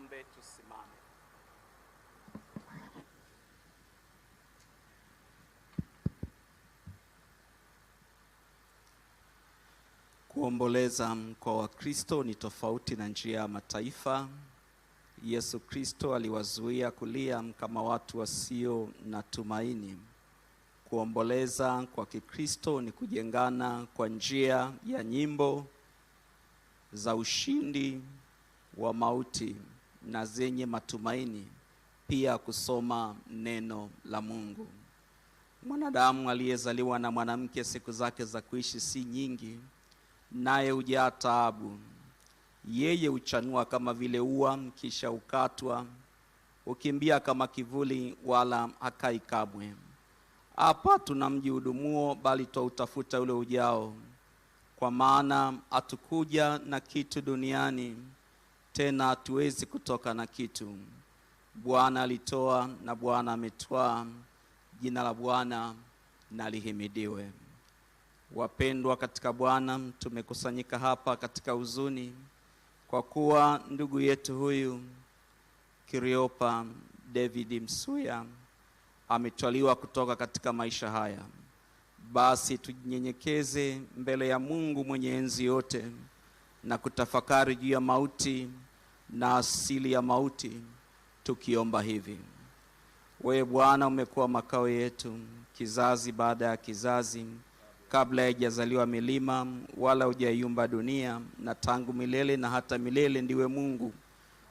Niombe tusimame. Kuomboleza kwa Wakristo ni tofauti na njia ya mataifa. Yesu Kristo aliwazuia kulia kama watu wasio na tumaini. Kuomboleza kwa Kikristo ni kujengana kwa njia ya nyimbo za ushindi wa mauti na zenye matumaini pia kusoma neno la Mungu. Mwanadamu aliyezaliwa na mwanamke siku zake za kuishi si nyingi, naye hujaa taabu. Yeye huchanua kama vile ua, kisha ukatwa, hukimbia kama kivuli, wala hakai kamwe. Hapa tuna mji udumuo, bali twautafuta ule ujao, kwa maana hatukuja na kitu duniani tena hatuwezi kutoka na kitu. Bwana alitoa na Bwana ametwaa, jina la Bwana na lihimidiwe. Wapendwa katika Bwana, tumekusanyika hapa katika huzuni kwa kuwa ndugu yetu huyu Kiriopa David Msuya ametwaliwa kutoka katika maisha haya. Basi tujinyenyekeze mbele ya Mungu mwenye enzi yote na kutafakari juu ya mauti na asili ya mauti, tukiomba hivi: wewe Bwana umekuwa makao yetu kizazi baada ya kizazi, kabla haijazaliwa milima wala hujaiumba dunia, na tangu milele na hata milele ndiwe Mungu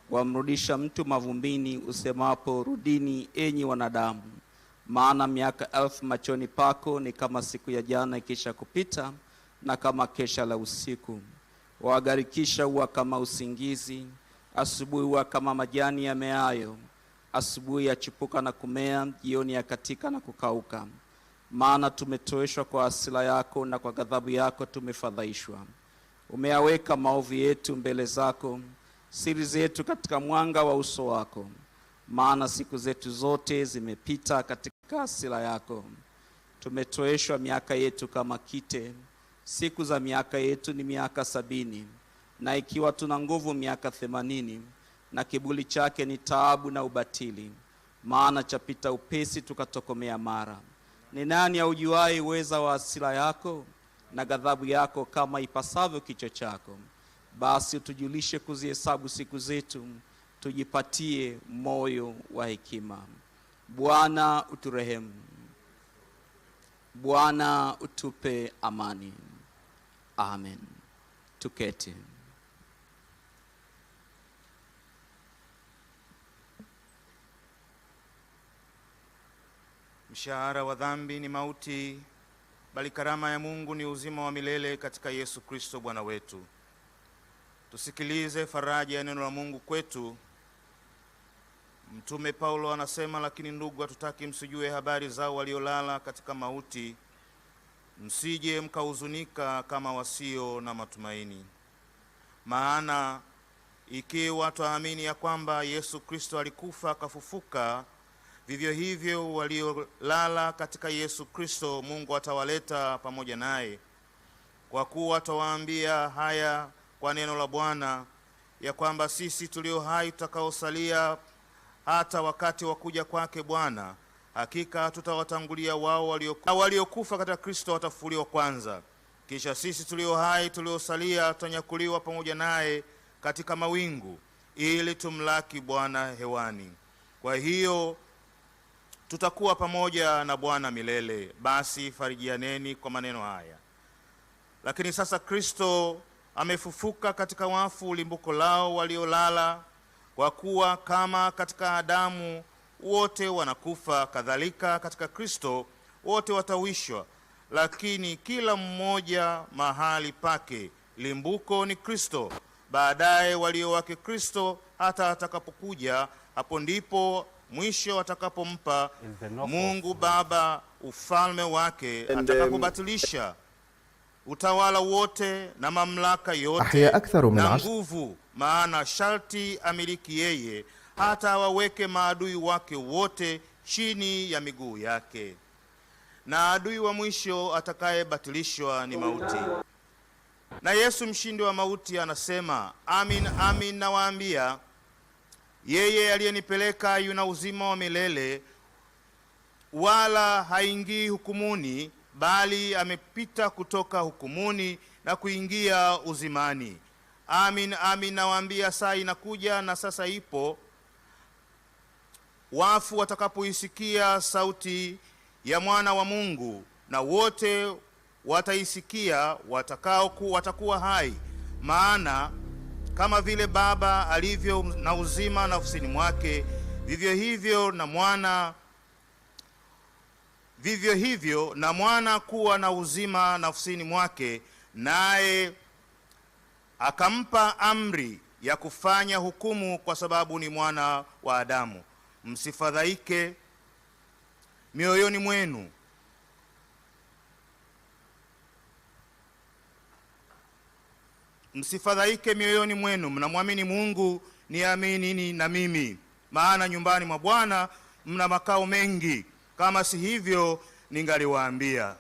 wamrudisha mtu mavumbini, usemapo rudini, enyi wanadamu. Maana miaka elfu machoni pako ni kama siku ya jana ikisha kupita na kama kesha la usiku, waagarikisha huwa kama usingizi asubuhi huwa kama majani yameayo, asubuhi yachipuka na kumea, jioni yakatika na kukauka. Maana tumetoeshwa kwa asila yako, na kwa ghadhabu yako tumefadhaishwa. Umeyaweka maovu yetu mbele zako, siri zetu katika mwanga wa uso wako. Maana siku zetu zote zimepita katika asila yako, tumetoeshwa miaka yetu kama kite. Siku za miaka yetu ni miaka sabini na ikiwa tuna nguvu miaka themanini, na kibuli chake ni taabu na ubatili, maana chapita upesi tukatokomea mara. Ni nani aujuaye uweza wa hasira yako na ghadhabu yako kama ipasavyo kicho chako? Basi utujulishe kuzihesabu siku zetu, tujipatie moyo wa hekima. Bwana uturehemu. Bwana utupe amani. Amen. Tuketi. Mshahara wa dhambi ni mauti, bali karama ya Mungu ni uzima wa milele katika Yesu Kristo Bwana wetu. Tusikilize faraja ya neno la Mungu kwetu. Mtume Paulo anasema, lakini ndugu, hatutaki msijue habari zao waliolala katika mauti, msije mkahuzunika kama wasio na matumaini. Maana ikiwa twaamini ya kwamba Yesu Kristo alikufa akafufuka Vivyo hivyo waliolala katika Yesu Kristo Mungu atawaleta pamoja naye, kwa kuwa atawaambia haya kwa neno la Bwana, ya kwamba sisi tulio hai tutakaosalia hata wakati wa kuja kwake Bwana, hakika tutawatangulia wao waliokufa. Waliokufa katika Kristo watafufuliwa kwanza, kisha sisi tulio hai tuliosalia tutanyakuliwa pamoja naye katika mawingu, ili tumlaki Bwana hewani. Kwa hiyo tutakuwa pamoja na Bwana milele. Basi farijianeni kwa maneno haya. Lakini sasa Kristo amefufuka katika wafu, limbuko lao waliolala. Kwa kuwa kama katika Adamu wote wanakufa, kadhalika katika Kristo wote watawishwa, lakini kila mmoja mahali pake. Limbuko ni Kristo, baadaye walio wake Kristo, hata atakapokuja. Hapo ndipo mwisho watakapompa Mungu Baba ufalme wake, um, atakapobatilisha utawala wote na mamlaka yote na nguvu, maana sharti amiliki yeye, hata awaweke maadui wake wote chini ya miguu yake. Na adui wa mwisho atakayebatilishwa ni mauti. Na Yesu mshindi wa mauti anasema, amin amin nawaambia yeye aliyenipeleka yuna uzima wa milele, wala haingii hukumuni, bali amepita kutoka hukumuni na kuingia uzimani. Amin, amin nawaambia, saa inakuja na sasa ipo, wafu watakapoisikia sauti ya mwana wa Mungu, na wote wataisikia watakaoku watakuwa hai, maana kama vile Baba alivyo na uzima nafsini mwake, vivyo hivyo na mwana vivyo hivyo na mwana kuwa na uzima nafsini mwake, naye akampa amri ya kufanya hukumu, kwa sababu ni mwana wa Adamu. Msifadhaike mioyoni mwenu, msifadhaike mioyoni mwenu, mnamwamini Mungu, niaminini na mimi. Maana nyumbani mwa Bwana mna makao mengi, kama si hivyo ningaliwaambia.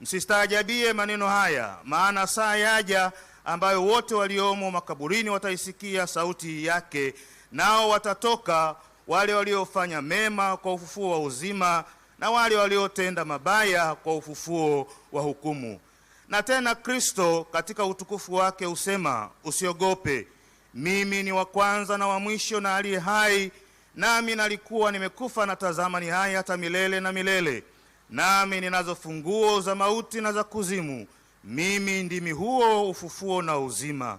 Msistaajabie maneno haya, maana saa yaja ambayo wote waliomo makaburini wataisikia sauti yake, nao watatoka, wale waliofanya mema kwa ufufuo wa uzima, na wale waliotenda mabaya kwa ufufuo wa hukumu. Na tena Kristo katika utukufu wake husema, usiogope, mimi ni wa kwanza na wa mwisho na aliye hai, nami nalikuwa nimekufa, na tazama ni hai hata milele na milele, nami ninazo funguo za mauti na za kuzimu. Mimi ndimi huo ufufuo na uzima.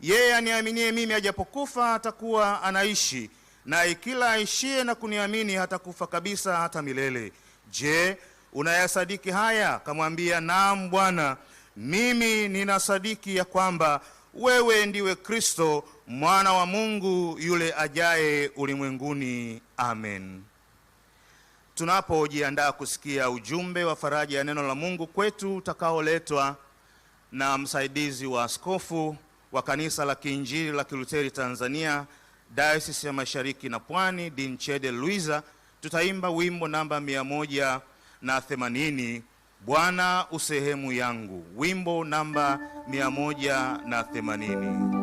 Yeye aniaminie mimi, ajapokufa atakuwa anaishi, na ikila aishie na kuniamini hatakufa kabisa hata milele. Je, unayasadiki haya? Akamwambia, naam Bwana, mimi ninasadiki ya kwamba wewe ndiwe Kristo mwana wa Mungu yule ajaye ulimwenguni. Amen. Tunapojiandaa kusikia ujumbe wa faraja ya neno la Mungu kwetu utakaoletwa na msaidizi wa askofu wa kanisa la Kiinjili la Kiluteri Tanzania Dayosisi ya Mashariki na Pwani, Dinchede Luiza, tutaimba wimbo namba mia moja na themanini, Bwana usehemu yangu, wimbo namba mia moja na themanini.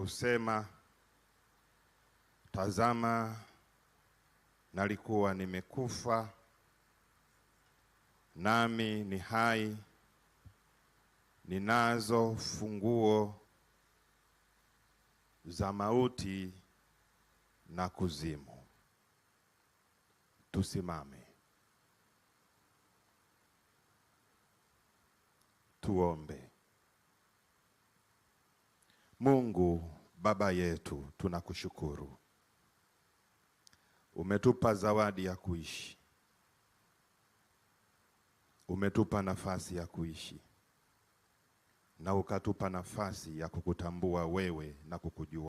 husema, tazama, nalikuwa nimekufa, nami ni hai, ninazo funguo za mauti na kuzimu. Tusimame tuombe. Mungu Baba yetu, tunakushukuru umetupa zawadi ya kuishi, umetupa nafasi ya kuishi na ukatupa nafasi ya kukutambua wewe na kukujua.